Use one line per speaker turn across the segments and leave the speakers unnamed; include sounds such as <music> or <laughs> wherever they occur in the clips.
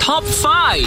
Top Five，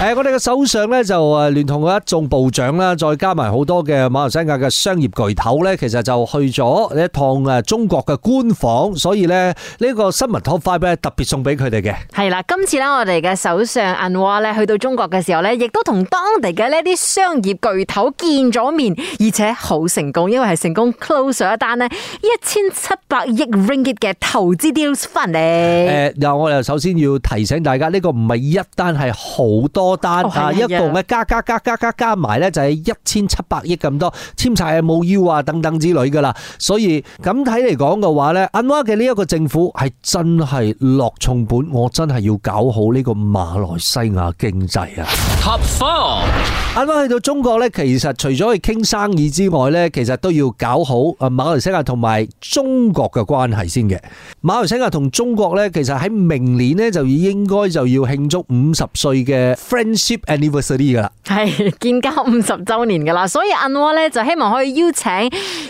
誒，我哋嘅首相咧，就誒，聯同一眾部長啦，再加埋好多嘅馬來西亞嘅商業巨頭咧，其實就去咗一趟誒中國嘅官房。所以咧呢個新聞 Top Five 咧特別送俾佢哋嘅。
係啦，今次咧我哋嘅首相 Anwar 咧去到中國嘅時候咧，亦都同當地嘅呢啲商業巨頭見咗面，而且好成功，因為係成功 close 咗一單呢一千七百億 Ringgit 嘅投資 deal 翻嚟。誒、
呃，又我又首先要提醒大家，呢、呢個唔一單係好多單啊，一共嘅加加加加加加埋咧，就係一千七百億咁多。簽晒有冇 U 啊等等之類噶啦。所以咁睇嚟講嘅話咧，安華嘅呢一個政府係真係落重本，我真係要搞好呢個馬來西亞經濟啊。Top four，安華去到中國咧，其實除咗去傾生意之外咧，其實都要搞好啊馬來西亞同埋中國嘅關係先嘅。馬來西亞同中國咧，其實喺明年咧就應該就要興。慶祝五十歲嘅 friendship anniversary 噶啦，
係建交五十周年噶啦，所以安華咧就希望可以邀請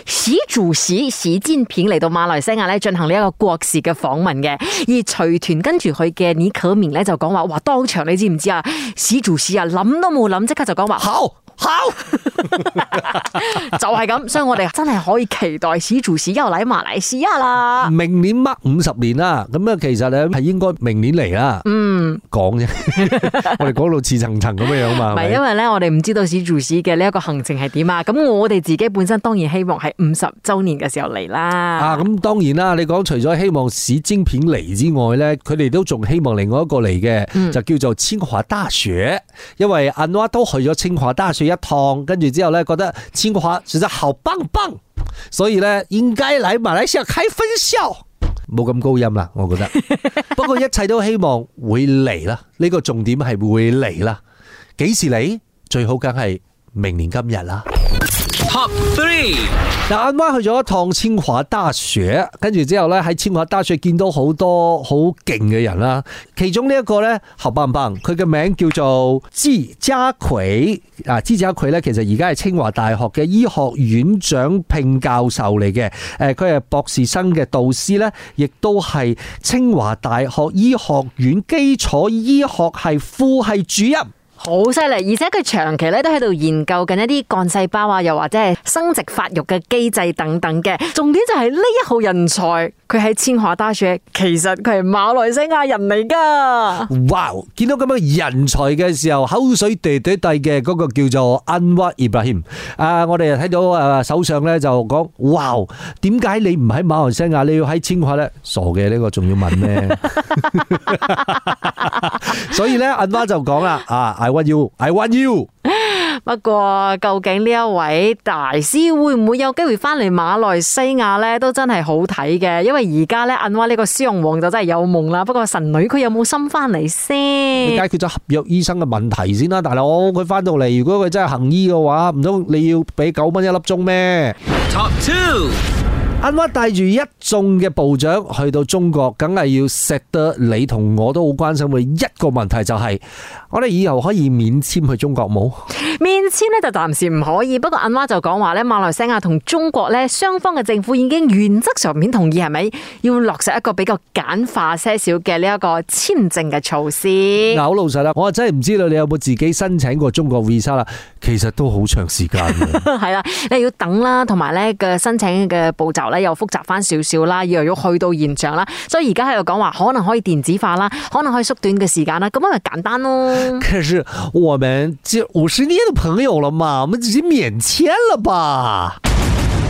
習主席、習近平嚟到馬來西亞咧進行呢一個國事嘅訪問嘅，而隨團跟住佢嘅倪可敏咧就講話，哇！當場你知唔知啊？習主席啊諗都冇諗，即刻就講話好。好， <laughs> <laughs> 就係咁，所以我哋真係可以期待習主席又嚟埋嚟馬來西亞啦。
明年 mark 五十年啦，咁啊，其實咧係應該明年嚟啦。
嗯，
講啫， <laughs> <laughs> 我哋講到似層層咁樣樣嘛。唔 <laughs> 係，因
為咧我哋唔知道習主席嘅呢一個行程係點啊。咁我哋自己本身當然希望係五十周年嘅時候嚟啦。
啊，咁當然啦。你講除咗希望習近平嚟之外咧，佢哋都仲希望另外一個嚟嘅，就叫做清華大學，因為安華都去咗清華大學。一趟，跟住之後呢，覺得清華實在好棒棒，所以呢應該來馬來西亞開分校，冇咁高音啦，我覺得。 <laughs> 不過一切都希望會嚟啦，呢個重點係會嚟啦，幾時嚟最好梗係明年今日啦。Top three，嗱，我啱去咗一趟清華大學，跟住之後呢，喺清華大學見到好多好勁嘅人啦。其中呢、這、一個呢，好棒唔棒？佢嘅名叫做朱加奎啊。朱加奎呢，其實而家係清華大學嘅醫學院長聘教授嚟嘅。誒，佢係博士生嘅導師呢，亦都係清華大學醫學院基礎醫學系副系主任。
好犀利，而且佢長期咧都喺度研究緊一啲幹細胞啊，又或者係生殖發育嘅機制等等嘅。重點就係呢一號人才，佢喺清華大學，其實佢係馬來西亞人嚟㗎。
哇！見到咁樣人才嘅時候，口水滴滴滴嘅嗰個叫做安華依布拉欣啊！我哋又睇到啊首相咧就講：哇！點解你唔喺馬來西亞，你要喺清華咧？傻嘅呢個仲要問咩？所以咧，安華就講啦啊！Want you, I want you。
不過，究竟呢一位大師會唔會有機會翻嚟馬來西亞咧？都真係好睇嘅，因為而家咧，安華呢個商王就真係有夢啦。不過神女佢有冇心翻嚟先？解決咗
合約醫生嘅問題先啦，大佬佢翻到嚟，如果佢真係行醫嘅話，唔通你要俾九蚊一粒鐘咩？Top two。安華帶住一眾嘅部長去到中國，梗係要食得你同我都好關心嘅一個問題，就係我哋以後可以免簽去中國冇？
免簽咧就暫時唔可以，不過安華就講話咧，馬來西亞同中國咧雙方嘅政府已經原則上面同意，係咪要落實一個比較簡化些少嘅呢一個簽證嘅措施？嗱，
好老實啦，我真係唔知道你有冇自己申請過中國 visa 啦，其實都好長時間
嘅。係啦，你要等啦，同埋咧嘅申請嘅步驟。又複雜翻少少啦，又要去到現場啦，所以而家喺度講話，可能可以電子化啦，可能可以縮短嘅時間啦，咁樣咪簡單咯。可是，我們就五十年嘅朋友了嘛，我們直接免簽了吧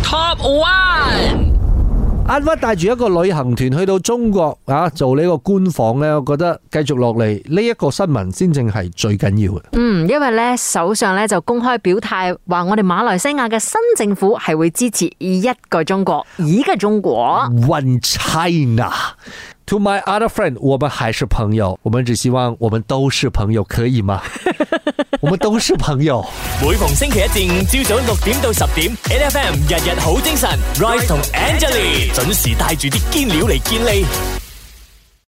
？Top one。
阿屈帶住一個旅行團去到中國啊，做呢個官訪咧，我覺得繼續落嚟，呢一個新聞先正係最緊要
嘅。嗯，因為呢首相咧就公開表態話，我哋馬來西亞嘅新政府係會支持一個中國，一個中國。One China To
my other friend，我們還是朋友。我們只希望我們都是朋友，可以嗎？ <laughs> <laughs> 我們都是朋友。
<music> 每逢星期一至五，朝早六點到十點，Ai FM 日日好精神。Rice 同 Angelie 準時帶住啲堅料嚟建立。